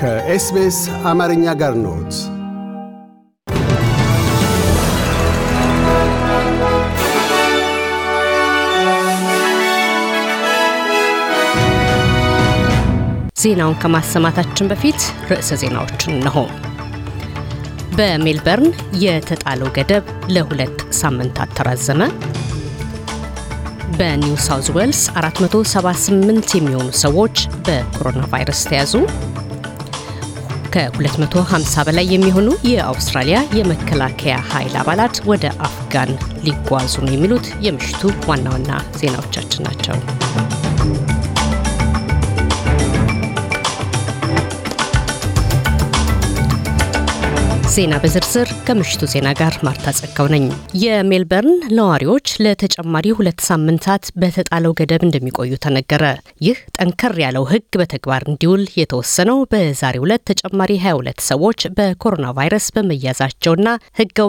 ከኤስቤስ አማርኛ ጋር ነት ዜናውን ከማሰማታችን በፊት ርዕሰ ዜናዎችን እነሆ። በሜልበርን የተጣለው ገደብ ለሁለት ሳምንታት ተራዘመ። በኒው ሳውዝ ዌልስ 478 የሚሆኑ ሰዎች በኮሮና ቫይረስ ተያዙ። ከ250 በላይ የሚሆኑ የአውስትራሊያ የመከላከያ ኃይል አባላት ወደ አፍጋን ሊጓዙ ነው የሚሉት የምሽቱ ዋና ዋና ዜናዎቻችን ናቸው። ዜና በዝርዝር ከምሽቱ ዜና ጋር ማርታ ጸጋው ነኝ። የሜልበርን ነዋሪዎች ለተጨማሪ ሁለት ሳምንታት በተጣለው ገደብ እንደሚቆዩ ተነገረ። ይህ ጠንከር ያለው ሕግ በተግባር እንዲውል የተወሰነው በዛሬ ሁለት ተጨማሪ 22 ሰዎች በኮሮና ቫይረስ በመያዛቸውና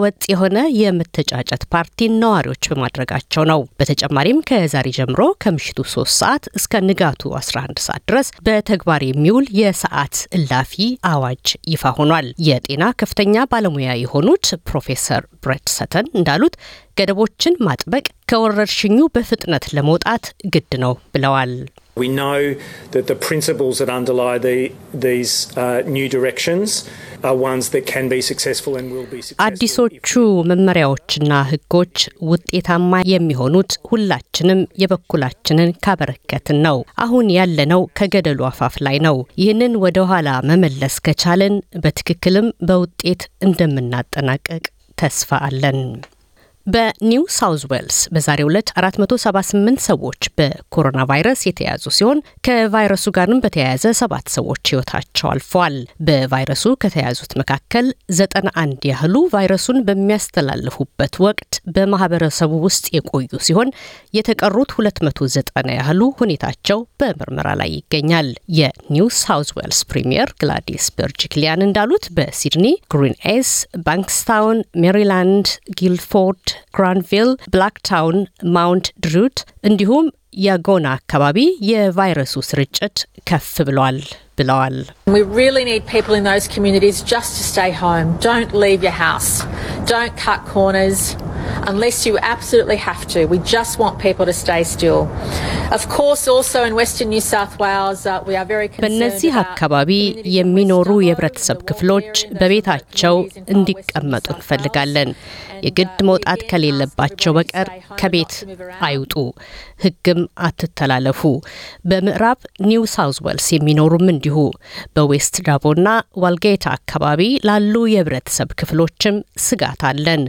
ወጥ የሆነ የመተጫጨት ፓርቲን ነዋሪዎች በማድረጋቸው ነው። በተጨማሪም ከዛሬ ጀምሮ ከምሽቱ 3 ሰዓት እስከ ንጋቱ 11 ሰዓት ድረስ በተግባር የሚውል የሰዓት እላፊ አዋጅ ይፋ ሆኗል። የጤና ከፍተኛ ከፍተኛ ባለሙያ የሆኑት ፕሮፌሰር ብሬት ሰተን እንዳሉት ገደቦችን ማጥበቅ ከወረርሽኙ በፍጥነት ለመውጣት ግድ ነው ብለዋል። We know that the principles that underlie the, these uh, new directions አዲሶቹ መመሪያዎችና ህጎች ውጤታማ የሚሆኑት ሁላችንም የበኩላችንን ካበረከትን ነው። አሁን ያለነው ከገደሉ አፋፍ ላይ ነው። ይህንን ወደ ኋላ መመለስ ከቻለን በትክክልም በውጤት እንደምናጠናቀቅ ተስፋ አለን። በኒው ሳውዝ ዌልስ በዛሬው ዕለት 478 ሰዎች በኮሮና ቫይረስ የተያዙ ሲሆን ከቫይረሱ ጋርም በተያያዘ ሰባት ሰዎች ሕይወታቸው አልፈዋል። በቫይረሱ ከተያዙት መካከል 91 ያህሉ ቫይረሱን በሚያስተላልፉበት ወቅት በማህበረሰቡ ውስጥ የቆዩ ሲሆን የተቀሩት 290 ያህሉ ሁኔታቸው በምርመራ ላይ ይገኛል። የኒው ሳውዝ ዌልስ ፕሪምየር ግላዲስ በርጅክሊያን እንዳሉት በሲድኒ፣ ግሪን ኤስ፣ ባንክስታውን፣ ሜሪላንድ፣ ጊልፎርድ ግራንቪል ብላክታውን ማውንት ድሩት እንዲሁም የጎና አካባቢ የቫይረሱ ስርጭት ከፍ ብሏል ብለዋል We really need people in those communities just to stay home. Don't leave your house. Don't cut corners unless you absolutely have to. We just want people to stay still. Uh, በእነዚህ አካባቢ የሚኖሩ የህብረተሰብ ክፍሎች በቤታቸው እንዲቀመጡ እንፈልጋለን። የግድ uh, መውጣት ከሌለባቸው በቀር ከቤት አይውጡ፣ ህግም አትተላለፉ። በምዕራብ ኒው ሳውዝ ዌልስ የሚኖሩም እንዲሁ። በዌስት ዳቦና ዋልጌታ አካባቢ ላሉ የህብረተሰብ ክፍሎችም ስጋት አለን።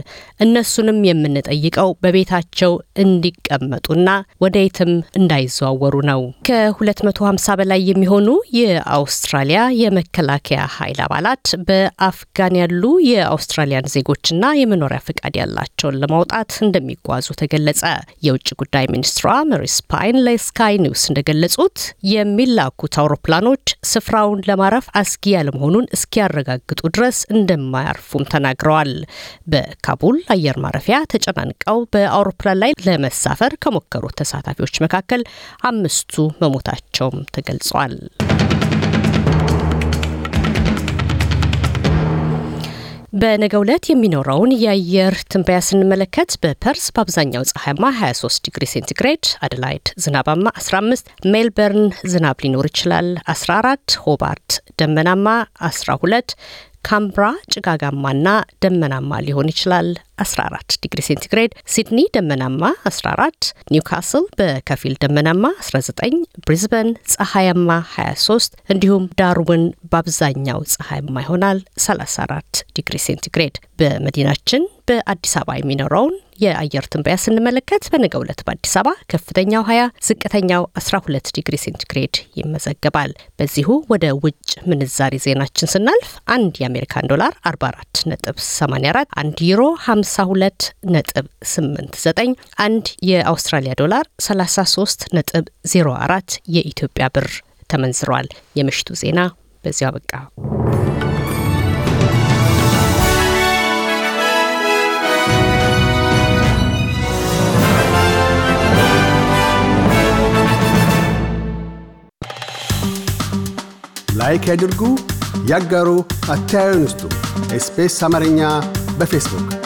እነሱንም የምንጠይቀው በቤታቸው እንዲቀመጡና ወደ የትም እንዳይዘዋወሩ ነው። ከ250 በላይ የሚሆኑ የአውስትራሊያ የመከላከያ ኃይል አባላት በአፍጋን ያሉ የአውስትራሊያን ዜጎችና የመኖሪያ ፈቃድ ያላቸውን ለማውጣት እንደሚጓዙ ተገለጸ። የውጭ ጉዳይ ሚኒስትሯ መሪስ ፓይን ለስካይ ኒውስ እንደገለጹት የሚላኩት አውሮፕላኖች ስፍራውን ለማረፍ አስጊ ያለመሆኑን እስኪያረጋግጡ ድረስ እንደማያርፉም ተናግረዋል። በካቡል አየር ማረፊያ ተጨናንቀው በአውሮፕላን ላይ ለመሳፈር ከሞከሩት ተሳታፊዎች መካከል መካከል አምስቱ መሞታቸውም ተገልጿል። በነገ ዕለት የሚኖረውን የአየር ትንበያ ስንመለከት በፐርስ በአብዛኛው ፀሐያማ 23 ዲግሪ ሴንቲግሬድ፣ አደላይድ ዝናባማ 15፣ ሜልበርን ዝናብ ሊኖር ይችላል 14፣ ሆባርት ደመናማ 12፣ ካምብራ ጭጋጋማና ደመናማ ሊሆን ይችላል 14 ዲግሪ ሴንቲግሬድ፣ ሲድኒ ደመናማ 14፣ ኒውካስል በከፊል ደመናማ 19፣ ብሪዝበን ፀሐያማ 23፣ እንዲሁም ዳርዊን በአብዛኛው ፀሐያማ ይሆናል 34 ዲግሪ ሴንቲግሬድ። በመዲናችን በአዲስ አበባ የሚኖረውን የአየር ትንበያ ስንመለከት በነገ ዕለት በአዲስ አበባ ከፍተኛው 20 ዝቅተኛው 12 ዲግሪ ሴንቲግሬድ ይመዘገባል። በዚሁ ወደ ውጭ ምንዛሪ ዜናችን ስናልፍ አንድ የአሜሪካን ዶላር 84 አንድ ዩሮ 50 32 ነጥብ 89 አንድ የአውስትራሊያ ዶላር 33 ነጥብ 04 የኢትዮጵያ ብር ተመንዝሯል። የምሽቱ ዜና በዚያው አበቃ። ላይክ ያድርጉ፣ ያጋሩ፣ አስተያየትዎን ይስጡ። ኤስፔስ አማርኛ በፌስቡክ